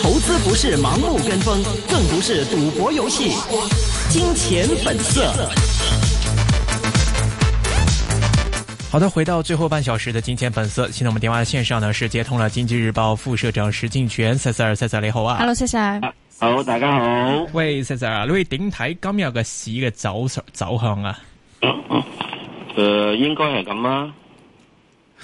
投資不是盲目跟風，更不是賭博遊戲。金錢本色。好的，回到最後半小時的《金錢本色》，現在我們電話線上呢是接通了《經濟日報》副社長石鏡泉。Sir，Sir 你好啊。Hello，Sir。好，大家好。喂，Sir，瑞丁台，今日有個市嘅走向走向啊。呃，應該係咁啦。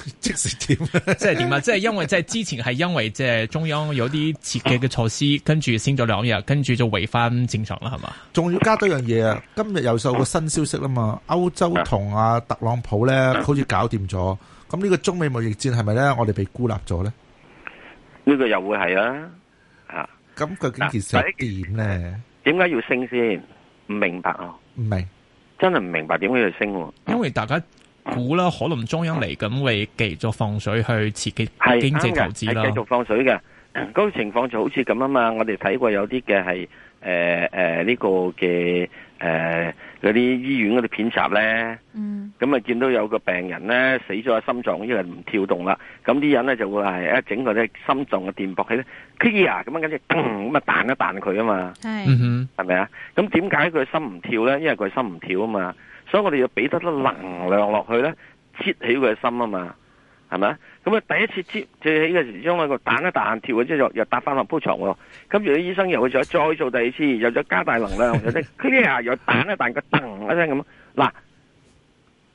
即是點怎？ 即係點啊！即係因為即係之前係因為即係中央有啲刺激嘅措施，跟住 升咗兩日，跟住就回翻正常啦，係嘛？仲要加多樣嘢啊！今日又受個新消息啦嘛，歐洲同阿特朗普咧好似搞掂咗。咁呢、啊、個中美貿易戰係咪咧？我哋被孤立咗咧？呢個又會係啊？啊！咁究竟其實點咧？點解要升先？唔明白啊！唔明，真係唔明白點解要升、啊？因為大家。估啦，可能中央嚟緊會繼續放水去刺激經濟投資啦。係繼續放水嘅，嗰、那個情況就好似咁啊嘛。我哋睇過有啲嘅係誒誒呢個嘅誒嗰啲醫院嗰啲片集咧。嗯。咁啊，見到有個病人咧死咗，心臟因為唔跳動啦。咁啲人咧就會係一整個咧心臟嘅電搏器咧 clear 咁樣，跟住咁啊彈一彈佢啊嘛。係、嗯哼。嗯，係咪啊？咁點解佢心唔跳咧？因為佢心唔跳啊嘛。所以我哋要俾得多能量落去咧，切起佢嘅心啊嘛，係咪咁啊？第一次切接起嘅時候，因為個彈一彈跳之後，即係又又搭翻落鋪床喎。跟住啲醫生又會再再做第二次，又再加大能量，佢、就、啲、是， 又彈一彈個噔一聲咁。嗱，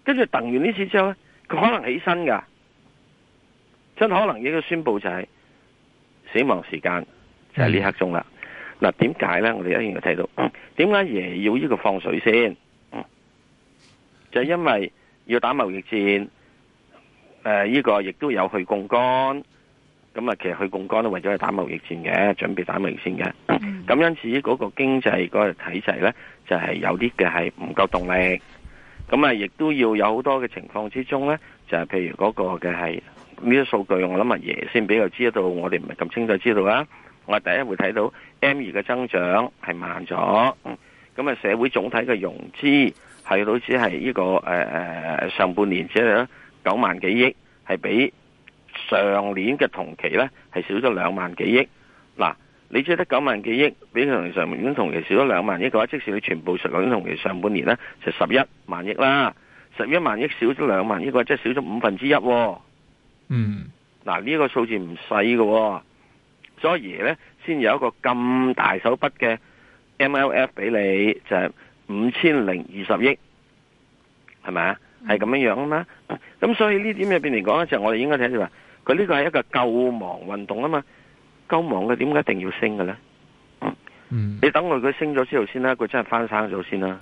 跟住蹬完呢次之後咧，佢可能起身噶，真可能呢個宣布就係死亡時間就係、是、呢刻鐘啦。嗱，點解咧？我哋一定要睇到，點解爺要呢個放水先？就係因為要打貿易戰，誒呢個亦都有去槓杆，咁啊其實去槓杆都為咗係打貿易戰嘅，準備打貿易戰嘅。咁因此嗰個經濟嗰個體制咧，就係有啲嘅係唔夠動力。咁啊，亦都要有好多嘅情況之中咧，就係譬如嗰個嘅係呢啲數據，我諗阿爺先比較知道，我哋唔係咁清楚知道啦。我哋第一會睇到 M 二嘅增長係慢咗，咁啊社會總體嘅融資。係，好似係呢個誒誒、呃，上半年只係咧九萬幾億，係比上年嘅同期咧係少咗兩萬幾億。嗱，你只得九萬幾億，比上上年同期少咗兩萬億嘅話，即使你全部十六同期上半年咧就十、是、一萬億啦，十一萬億少咗兩萬億，個即係少咗五分之一、哦。嗯，嗱呢、這個數字唔細嘅，所以爺咧先有一個咁大手筆嘅 MLF 俾你，就係、是。五千零二十億，係咪啊？係咁、嗯、樣樣啊嘛？咁所以呢點入邊嚟講咧，就係、我哋應該睇住話，佢呢個係一個救亡運動啊嘛。救亡嘅點解一定要升嘅咧？嗯、你等佢佢升咗之後先啦，佢真係翻生咗先啦、啊。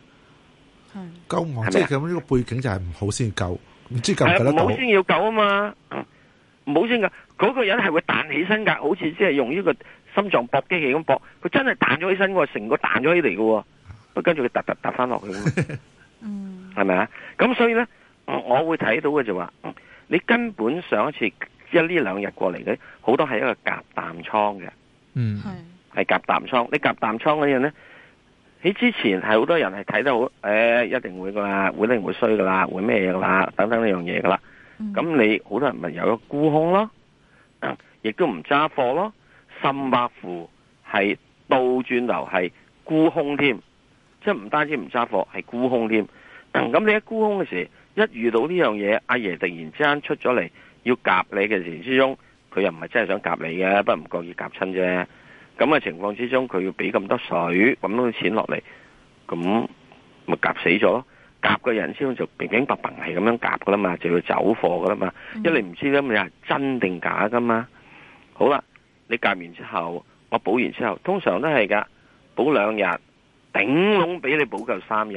嗯、吧救亡即係咁呢個背景就係唔好先救，唔知救唔、啊、好先要救啊嘛。唔、嗯、好先噶，嗰、嗰個人係會彈起身噶，好似即係用呢個心臟搏機器咁搏，佢真係彈咗起身嘅，成個彈咗起嚟嘅、啊。跟住佢突突突翻落去，嗯 係咪啊？咁所以咧，我會會睇到嘅就話，是，你根本上一次一呢兩日過嚟嘅，好多係一個夾淡倉嘅，嗯是，係夾淡倉。你夾淡倉嗰啲人咧，喺之前係好多人係睇得好，誒，一定會噶啦，會一定會衰噶啦，會咩嘢噶啦，等等呢樣嘢噶啦。咁、嗯、你好多人咪有個個沽空咯，亦都唔揸貨咯，甚或乎係倒轉頭係沽空添。即係唔單止唔揸貨，係沽空添。咁 你一沽空嘅時候，一遇到呢樣嘢，阿爺突然之間出咗嚟要夾你嘅時，之中佢又唔係真係想夾你嘅，不過唔覺意夾親啫。咁嘅情況之中，佢要俾咁多水搵到錢落嚟，咁咪夾死咗。夾個人先就平平白白係咁樣夾噶啦嘛，就要走貨噶啦嘛。因、嗯、一你唔知咧，你係真定假噶嘛？好啦，你夾完之後，我補完之後，通常都係噶，補兩日。頂籠俾你補夠三日，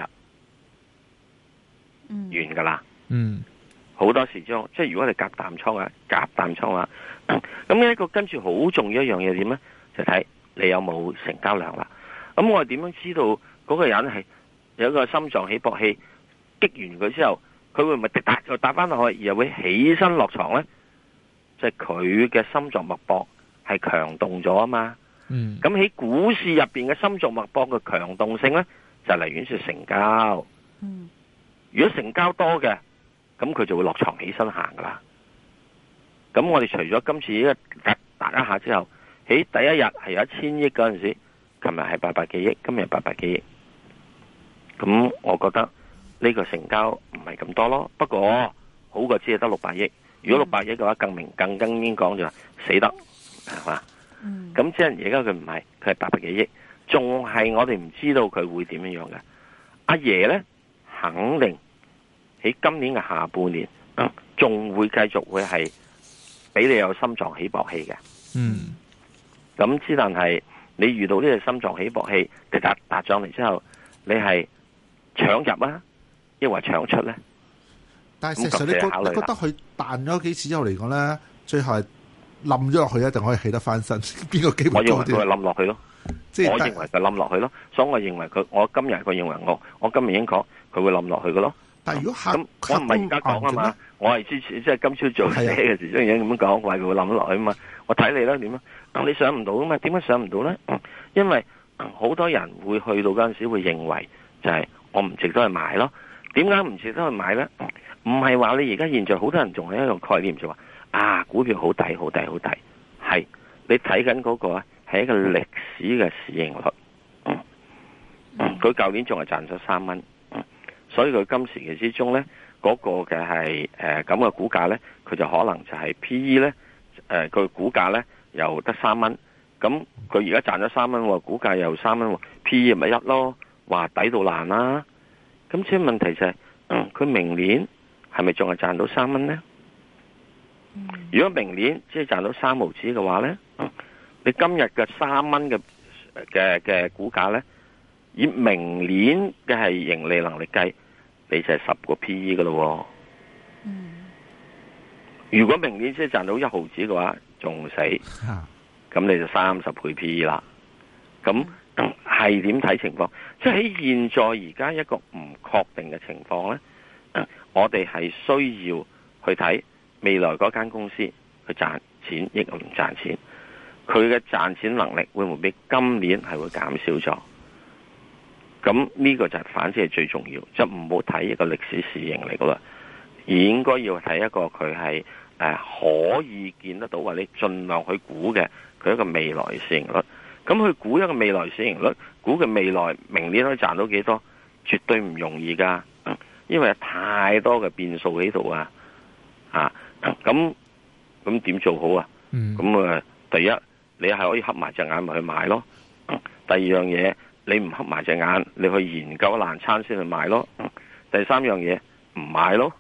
完噶啦。嗯，好多時，即係如果你夾彈倉啊，夾彈倉啊，咁呢一個跟住好重要一樣嘢點咧？就睇你有冇成交量啦。咁我點樣知道嗰個人係有一個心臟起搏器激完佢之後，佢會唔會搭返翻落去，而又會起身落床咧？即係佢嘅心臟脈搏係強動咗啊嘛。嗯，咁喺股市入面嘅心臟脈搏嘅強動性咧，就嚟源說成交。嗯，如果成交多嘅，咁佢就會落床起身行噶啦。咁我哋除咗今次一大一下之後，喺第一日係有一千億嗰陣時，琴日係八百幾億，今日八百幾億。咁我覺得呢個成交唔係咁多咯，不過好過只係得六百億。如果六百億嘅話更明，更明更更先講就死得係嘛。咁、嗯、即係而家佢唔係，佢係八百幾億，仲係我哋唔知道佢會點樣樣嘅。阿爺咧，肯定喺今年嘅下半年，仲、嗯、會繼續會係俾你有心臟起搏器嘅。嗯，咁只能係你遇到呢個心臟起搏器佢達達上嚟之後，你係搶入啊，抑或搶出咧？但係事實上，謝謝你覺得佢彈咗幾次之後嚟講咧，最後？冧咗落去一定可以起得翻身，邊個機會多啲？我認為冧落去咯，即係我認為佢冧落，去咯，但落去咯，所以我認為佢，我今日佢認為我，我今日已經講，佢會冧落去嘅咯。但係如果下，咯下我唔係而家講啊嘛，我係之前即係今朝做嘢嘅時，已經咁樣講，話佢會冧落去啊嘛。我睇你啦，點啊？但你想唔到啊嘛？點解想唔到咧？因為好多人會去到嗰陣時會認為就係我唔值得去買咯。點解唔值得去買咧？唔係話你而家現在好多人仲係一個概念就話。啊！股票好抵，好抵，好抵，係你睇緊嗰個啊，係一個歷史嘅市盈率，佢舊年仲係賺咗三蚊，所以佢今時期之中咧，嗰、那個嘅係誒咁嘅股價咧，佢就可能就係 PE 咧，誒、呃、佢股價咧又得三蚊，咁佢而家賺咗三蚊，股價又三蚊，PE 咪一咯，話抵到爛啦，啊，咁只問題就係、是，佢、嗯、明年係咪仲係賺到三蚊咧？如果明年即係賺到三毫子嘅話呢，你今日嘅三蚊嘅嘅嘅股價呢，以明年嘅係盈利能力計，你就係十個 P E 噶咯。嗯，如果明年即係賺到一毫子嘅話，仲死，咁你就三十倍 P E 啦。咁係點睇情況？即係喺現在而家一個唔確定嘅情況呢，嗯，我哋係需要去睇。未來嗰間公司去賺錢，抑或唔賺錢？佢嘅賺錢能力會唔會比今年係會減少咗？咁呢個就係反之係最重要，就唔好睇一個歷史市盈率噶啦，而應該要睇一個佢係誒可以見得到話你盡量去估嘅佢一個未來市盈率。咁去估一個未來市盈率，估嘅未來明年可以賺到幾多，絕對唔容易噶、嗯，因為有太多嘅變數喺度啊，啊！咁咁點做好啊？咁啊、嗯，第一你係可以黑埋隻眼咪去買咯。第二樣嘢，你唔黑埋隻眼，你去研究爛餐先去買咯。第三樣嘢，唔買咯。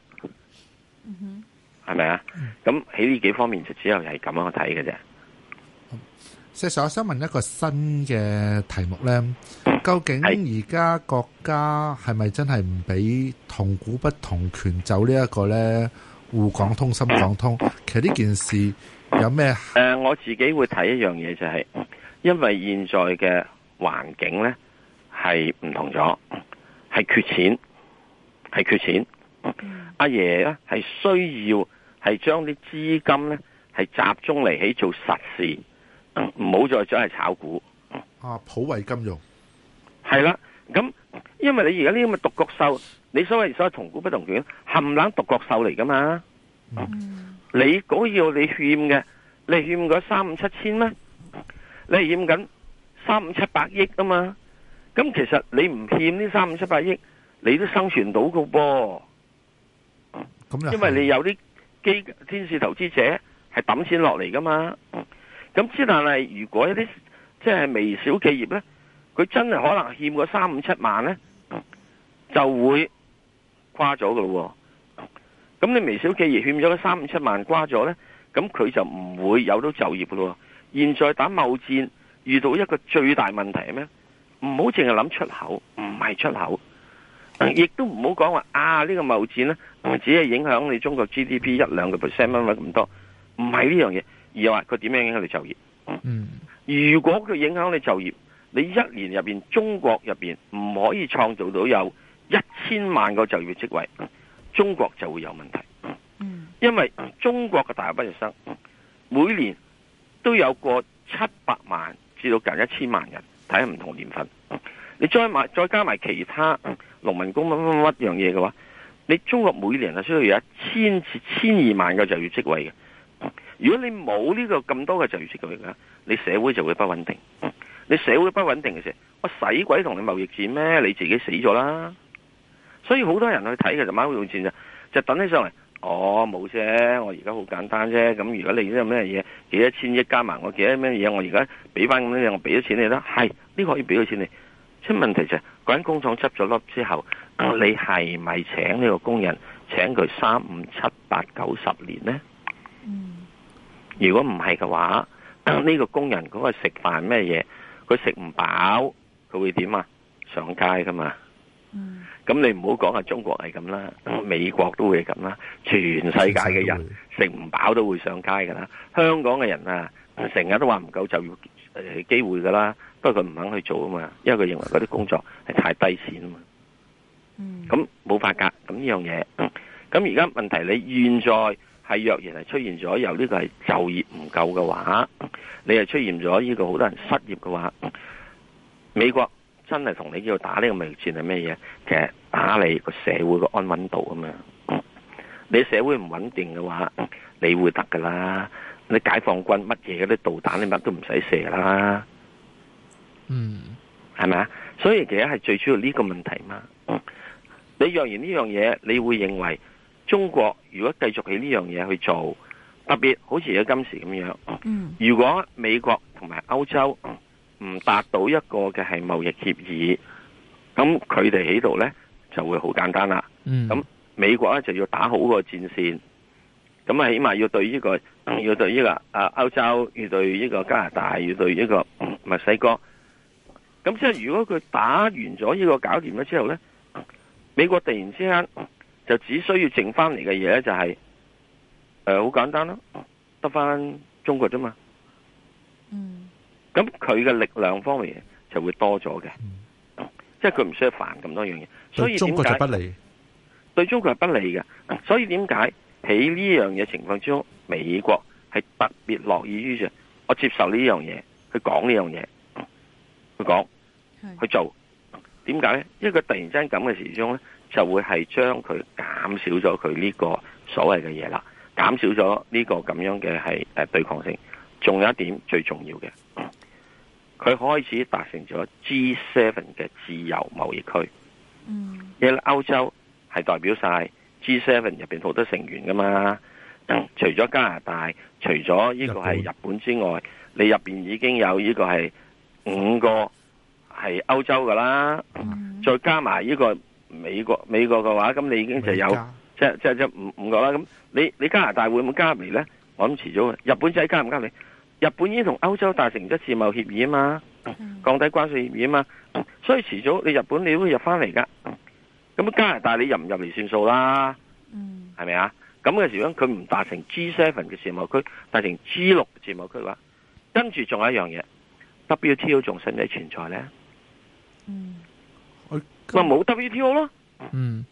係咪、嗯、哼啊？咁喺呢幾方面就只有係咁樣去睇嘅啫。事實、嗯、我想問一個新嘅題目咧，嗯、究竟而家國家係咪真係唔俾同股不同權走呢一個咧？滬港通深港通，其實呢件事有咩？誒、啊，我自己會睇一樣嘢就係、是，因為現在嘅環境咧係唔同咗，係缺錢，係缺錢。阿爺咧係需要係將啲資金咧係集中嚟起做實事，唔、嗯、好再走係炒股。啊，普惠金融係啦，咁因為你而家呢啲咁嘅獨角獸。你所謂所謂同股不同權，冚冷獨角獸嚟噶嘛？嗯、你嗰要，那個、你欠嘅，你欠嗰三五七千咩？你欠緊三五七百億啊嘛？咁其實你唔欠呢三五七百億，你都生存到噶噃？咁、嗯、因為你有啲機天使投資者係抌錢落嚟噶嘛？咁之但係如果一啲即係微小企業咧，佢真係可能欠嗰三五七萬咧，就會。瓜咗噶咯，咁你微小企業欠咗三五七萬瓜咗呢，咁佢就唔會有到就業噶咯。現在打貿戰遇到一個最大問題係咩？唔好淨係諗出口，唔係出口，亦都唔好講話啊呢個貿戰呢，只係影響你中國 GDP 一兩個 percent 咁多，唔係呢樣嘢，而係話佢點樣影響你就業。嗯嗯，如果佢影響你就業，你一年入邊中國入邊唔可以創造到有。一千萬個就業職位，中國就會有問題。因為中國嘅大學畢業生每年都有過七百萬至到近一千萬人，睇下唔同年份。你再買再加埋其他農民工乜乜乜樣嘢嘅話，你中國每年係需要有一千至千二萬個就業職位嘅。如果你冇呢個咁多嘅就業職位咧，你社會就會不穩定。你社會不穩定嘅時候，我使鬼同你貿易戰咩？你自己死咗啦！所以好多人去睇其實馬會用錢就就等起上嚟、哦，我冇啫，我而家好簡單啫。咁如果你有咩嘢，幾一千億加埋我幾多咩嘢，我而家俾翻咁樣嘢，我俾咗錢你啦，係呢、呢個、可以俾咗錢你。出問題就係嗰間工廠執咗笠之後，嗯、你係咪請呢個工人請佢三五七八九十年呢？如果唔係嘅話，呢、嗯呢個工人嗰個食飯咩嘢，佢食唔飽，佢會點啊？上街噶嘛？嗯，咁你唔好講係中國係咁啦，美國都會咁啦，全世界嘅人食唔飽都會上街噶啦。嗯、香港嘅人啊，成日、嗯、都話唔夠就業機會噶啦，不過佢唔肯去做啊嘛，因為佢認為嗰啲工作係太低錢啊嘛。咁冇、嗯、法格，咁呢、嗯、樣嘢，咁而家問題你現在係若然係出現咗由呢個係就業唔夠嘅話，你係出現咗呢個好多人失業嘅話、嗯，美國。真係同你叫打呢個貿易戰係咩嘢？其實打你個社會個安穩度咁樣。你社會唔穩定嘅話，你會得噶啦。你解放軍乜嘢嗰啲導彈，你乜都唔使射啦。嗯，係咪啊？所以其實係最主要呢個問題嘛。你若然呢樣嘢，你會認為中國如果繼續起呢樣嘢去做，特別好似而家今時咁樣。嗯。如果美國同埋歐洲，嗯。唔達到一個嘅係貿易協議，咁佢哋喺度咧就會好簡單啦。咁美國咧就要打好個戰線，咁啊起碼要對呢個，要對呢個啊歐洲，要對呢個加拿大，要對呢個墨西哥。咁即係如果佢打完咗呢個搞掂咗之後咧，美國突然之間就只需要剩翻嚟嘅嘢咧就係誒好簡單囉，得翻中國啫嘛。咁佢嘅力量方面就會多咗嘅，嗯、即係佢唔需要煩咁多樣嘢，所以點解不利，對中國係不利嘅。所以點解喺呢樣嘢情況之中，美國係特別樂意於嘅我接受呢樣嘢去講呢樣嘢，去講去，去做。點解咧？因為佢突然間咁嘅時鐘咧，就會係將佢減少咗佢呢個所謂嘅嘢啦，減少咗呢個咁樣嘅係誒對抗性。仲有一點最重要嘅。佢開始達成咗 G seven 嘅自由貿易區。嗯，因為歐洲係代表晒 G seven 入邊好多成員噶嘛。嗯、除咗加拿大，除咗呢個係日本之外，日本。你入邊已經有呢個係五個係歐洲噶啦。嗯、再加埋呢個美國，美國嘅話，咁你已經就有即即即五五個啦。咁你你加拿大會唔會加入嚟咧？我諗遲早日本仔加唔加你？日本已經同歐洲達成咗自貿協議啊嘛，降低關稅協議啊嘛，所以遲早你日本你都會入翻嚟噶，咁加拿大你入唔入嚟算數啦，嗯、係咪啊？咁嘅時候佢唔達成 G seven 嘅自貿區，達成 G 六自貿區嘅話，跟住仲有一樣嘢，W T O 仲使唔使存在咧？嗯，咪冇 W T O 咯。嗯。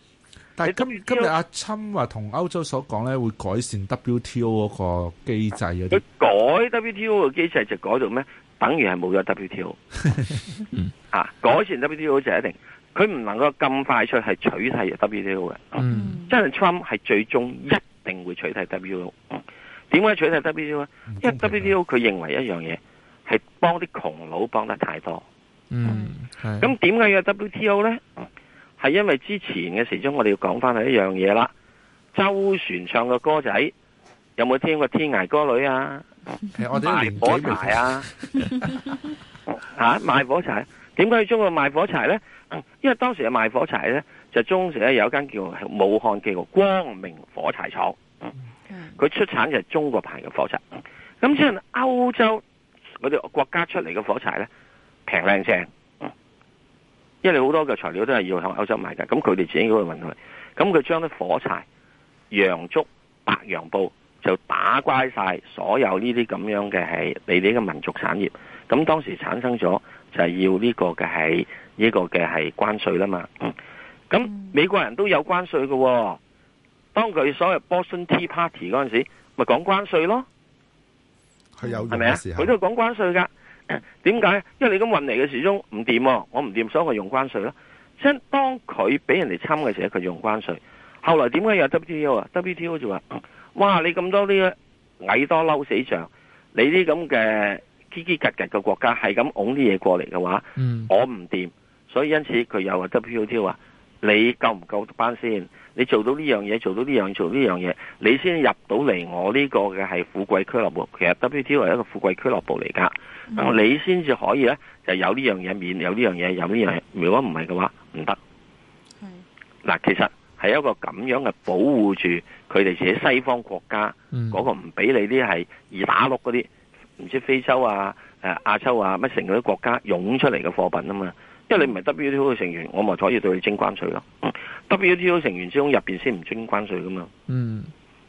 但係今 W TO，今日阿侵話同歐洲所講咧，會改善 WTO 嗰個機制嗰啲。佢改 WTO 個機制就改到咩？等於係冇咗 WTO。 啊，改善 WTO 就一定。佢唔能夠咁快速係取替 WTO 嘅。即係 Trump 係最終一定會取替 WTO、啊。點解取替 WTO 咧？因為 WTO 佢認為一樣嘢係幫啲窮佬幫得太多。嗯。咁點解要 WTO 咧？啊係因為之前嘅時鐘，我哋要講翻係一樣嘢啦。周旋唱嘅歌仔有冇聽？、啊欸、聽過《天涯歌女》啊？賣火柴啊！吓賣、 啊、火柴？點解要中國賣火柴咧？因為當時啊賣火柴咧，就中時咧有一間叫武漢叫做光明火柴廠。佢、嗯嗯、出產就係中國牌嘅火柴。咁相比歐洲我哋國家出嚟嘅火柴咧，平靚正。即係好多嘅材料都係要喺歐洲買嘅，咁佢哋自己嗰度搵佢，咁佢將啲火柴、洋燭、白洋布就打乖晒，所有呢啲咁樣嘅係你哋嘅民族產業，咁當時產生咗就係要呢個嘅係呢個嘅係關稅啦嘛。咁美國人都有關稅㗎喎，當佢所謂 Boston Tea Party 嗰陣時，咪講關稅咯，係有用嘅時候，係咪？佢都講關稅噶。點解？因為你咁運嚟嘅始終唔掂，我唔掂，所以我用關稅咯。即當佢俾人哋侵嘅時候，佢用關稅。後來點解有 WTO 啊？WTO 就話：哇，你咁多呢個蟻多摟死象，你啲咁嘅嘰嘰格格嘅國家係咁拱啲嘢過嚟嘅話，我唔掂，所以因此佢又話 WTO 啊，你夠唔夠班先？你做到呢樣嘢，做到呢樣，做呢樣嘢，你先入到嚟我呢個嘅係富貴俱樂部。其實 WTO 係一個富貴俱樂部嚟㗎，嗯、然後你先至可以咧就有呢樣嘢，免有呢樣嘢，有呢樣。如果唔係嘅話，唔得。嗱是，其實係一個咁樣嘅保護住佢哋自己西方國家嗰、嗯、個唔俾你啲係二打六嗰啲，唔知非洲啊、誒亞洲啊乜成嗰啲國家湧出嚟嘅貨品啊嘛。因為你唔係 WTO 嘅成員，我咪可以對你徵關稅咯。WTO 成員之中入邊先唔徵關稅噶嘛，嗯，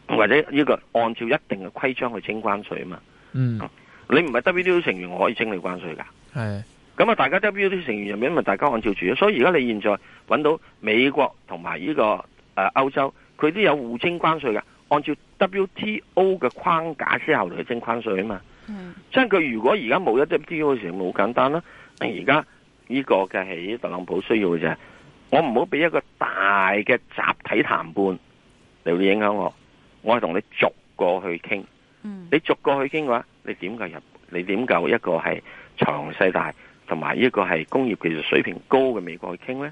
或者呢個按照一定嘅規章去徵關稅啊嘛，嗯，你唔係 WTO 成員，我可以徵你關稅噶。係的，咁啊，大家 WTO 成員入邊，咪大家按照住所以而家你現在搵到美國同埋呢個誒歐洲，佢都有互徵關稅嘅，按照 WTO 嘅框架之後嚟徵關稅啊嘛嗯。嗯，即係佢如果而家冇一 WTO 嘅成員，冇簡單啦。而家。呢個嘅係特朗普需要嘅就係，我唔好俾一個大嘅集體談判嚟影響我。我係同你逐個去傾，嗯、你逐個去傾嘅話，你點夠入？你點夠一個係長細大，同埋一個係工業技術水平高嘅美國去傾咧？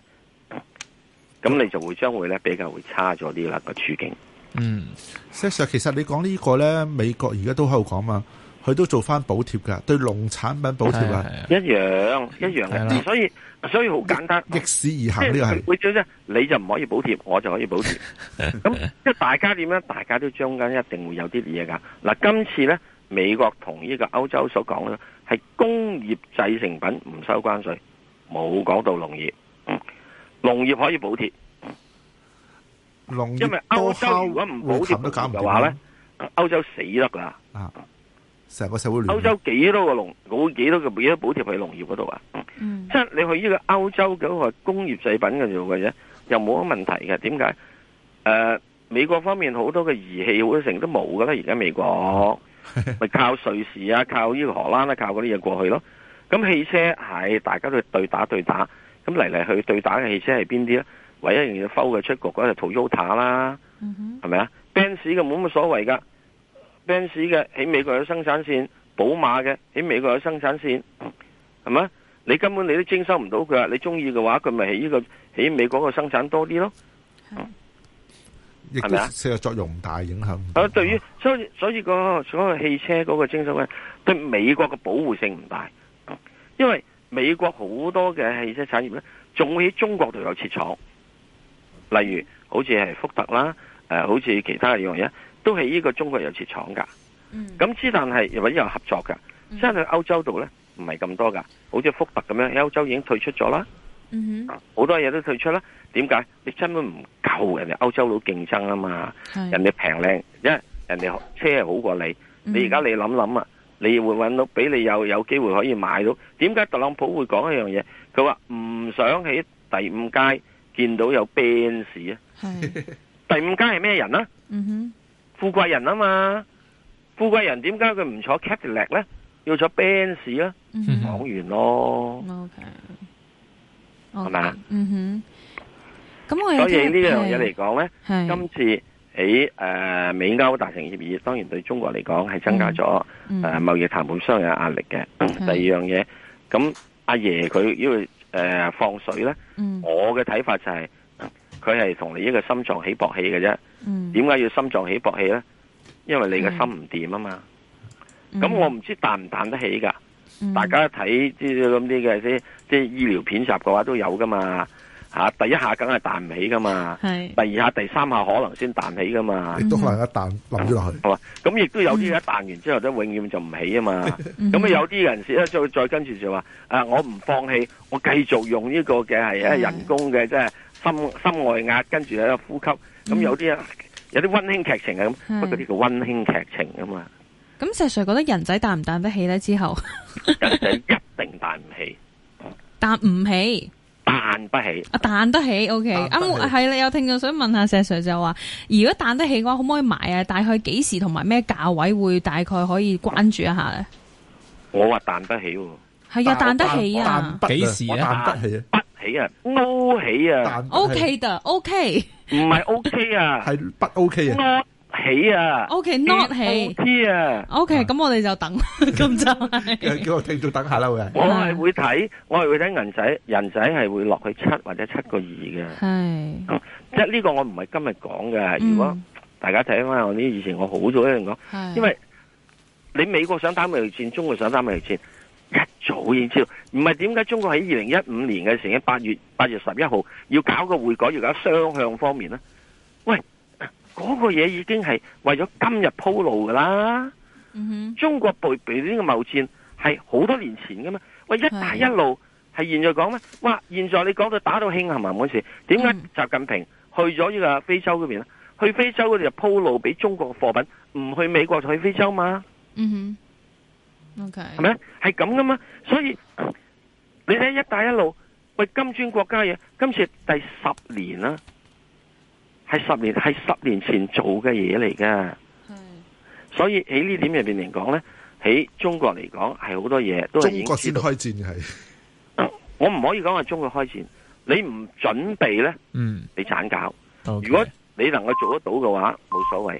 咁你就會將會咧比較會差咗啲啦個處境。嗯，事實上，其實你講呢個咧，美國而家都喺度講嘛。佢都做返補貼㗎，對農產品補貼㗎，一樣一樣嘅，所以所以好簡單，逆市而行呢、就是、個係，你就唔可以補貼，我就可以補貼。咁因為 大家點咧，大家都將緊一定會有啲嘢㗎。嗱、啊，今次呢，美國同呢個歐洲所講咧，係工業製成品唔收關稅，冇講到農業、嗯，農業可以補貼，農業因為歐洲如果唔補貼都搞唔掂嘅話呢，歐洲死得㗎。啊。成個社會，歐洲幾多個農，冇幾多個咩補貼喺農業嗰度啊？即係、嗯、你去呢個歐洲嗰個工業製品嘅嘢，又冇乜問題嘅。點解？誒、呃，美國方面好多嘅儀器好多成都冇噶啦，而家美國咪、嗯、靠瑞士啊， 靠呢個荷蘭啊，靠嗰啲嘢過去咯。咁汽車係大家都對打對打，咁嚟嚟去對打嘅汽車係邊啲咧？唯一要要摕嘅出局嗰、嗰個係 Toyota 啦，係咪啊？Benz 嘅冇乜所謂噶。奔馳嘅喺美國有生產線，寶馬嘅喺美國有生產線，係咪？你根本你都徵收唔到佢，你中意嘅話，佢咪喺呢個喺美國個生產多啲咯？係咪啊？個作用唔大，影響。啊，對於所以所以，所以，所以，所以，那個汽車嗰個徵收咧，對美國嘅保護性唔大，嗯，因為美國好多嘅汽車產業咧，仲會喺中國度有設廠，例如好似係福特啦，誒、呃，好似其他嘅樣嘢。都係呢個中國有設廠噶，咁之、嗯、但係又搵有合作噶。係對歐洲度咧，唔係咁多噶，好似福特咁樣歐洲已經退出咗啦。好、嗯、哼多嘢都退出啦。點解？你根本唔夠人哋歐洲佬競爭啊嘛。是人哋平靚，因為人哋車係好過你。嗯、哼你而家你諗諗啊，你會搵到俾你有有機會可以買到。點解特朗普會講一樣嘢？佢話唔想喺第五街見到有 Benz 啊。第五街係咩人啊？嗯哼。富貴人啊嘛，富貴人點解佢唔坐 Cadillac 咧，要坐 Benz 啊、mm，講、hmm. 完咯。O K，係咪啊？嗯、hmm. 哼，咁、mm hmm. 我所以、這個、呢樣嘢嚟講咧，是今次喺誒、呃、美歐達成協議，當然對中國嚟講係增加咗誒貿易談判商有壓力嘅。Okay. 第二樣嘢，咁阿爺佢因為誒放水咧，mm hmm. 我嘅睇法就係、是。佢係同你一個心臟起搏器嘅啫，點解、嗯、要心臟起搏器咧？因為你嘅心唔掂啊嘛，咁、嗯、我唔知彈唔彈得起噶。嗯、大家睇啲咁啲嘅先，即係、就是、醫療片集嘅話都有噶嘛。吓，第一下梗係彈唔起噶嘛，是第二下、第三下可能先彈起噶嘛。你都可能一彈冧咗落去，係嘛？ 咁亦都有啲一彈完之後咧，永遠就唔起啊嘛。咁、 嗯、啊，有啲人士咧，再再跟住就話：誒，我唔放棄，我繼續用呢個嘅係人工嘅，即係、嗯。心心外壓，跟住喺度呼吸，咁有啲啊，有啲溫馨劇情啊咁，不過叫做溫馨劇情啊嘛。咁石 Sir 覺得人仔彈唔彈得起咧？之後人仔一定彈唔起，彈唔起，彈不起。啊，彈得起，OK。啱，係有聽眾想問下石 Sir 就話，如果彈得起嘅話，可唔可以買啊？大概幾時同埋咩價位會大概可以關注一下咧？我話彈唔起喎，係啊，彈得起啊，幾時啊？起啊，勾起啊，OK 的，OK，唔係 OK 啊，係不 OK 啊，勾起啊，OK，not 起啊，OK，咁我哋就等，咁就叫我聽眾等下啦，我係會睇，我係會睇人仔，人仔係會落去七或者七個二嘅，係，即係呢個我唔係今日講嘅，如果大家睇翻我啲以前我好早一樣講，係，因為你美國想打貿易戰，中國想打貿易戰。一早已經知道，唔係點解中國喺二零一五年嘅成日八月八月十一號要搞個匯改，要搞雙向方面呢？喂，嗰、那個嘢已經係為咗今日鋪路噶啦。Mm hmm. 中國配備呢個貿易戰係好多年前噶嘛？喂，一帶一路係現在講咩？Mm hmm. 哇，現在你講到打到興行行嗰時，點解習近平去咗呢個非洲嗰邊呢？去非洲嗰度就鋪路俾中國貨品，唔去美國就去非洲嘛？嗯、mm hmm. O K，係咪？係咁噶嘛？所以你睇一帶一路喂，金磚國家嘢，今次第十年啦，啊，係十年，係十年前做嘅嘢嚟噶。係，所以喺呢點入邊嚟講咧，喺中國嚟講係好多嘢都係已經先開戰嘅。係，嗯，我唔可以講話中國開戰，你唔準備咧，嗯，你盞搞。Okay. 如果你能夠做得到嘅話，冇所謂。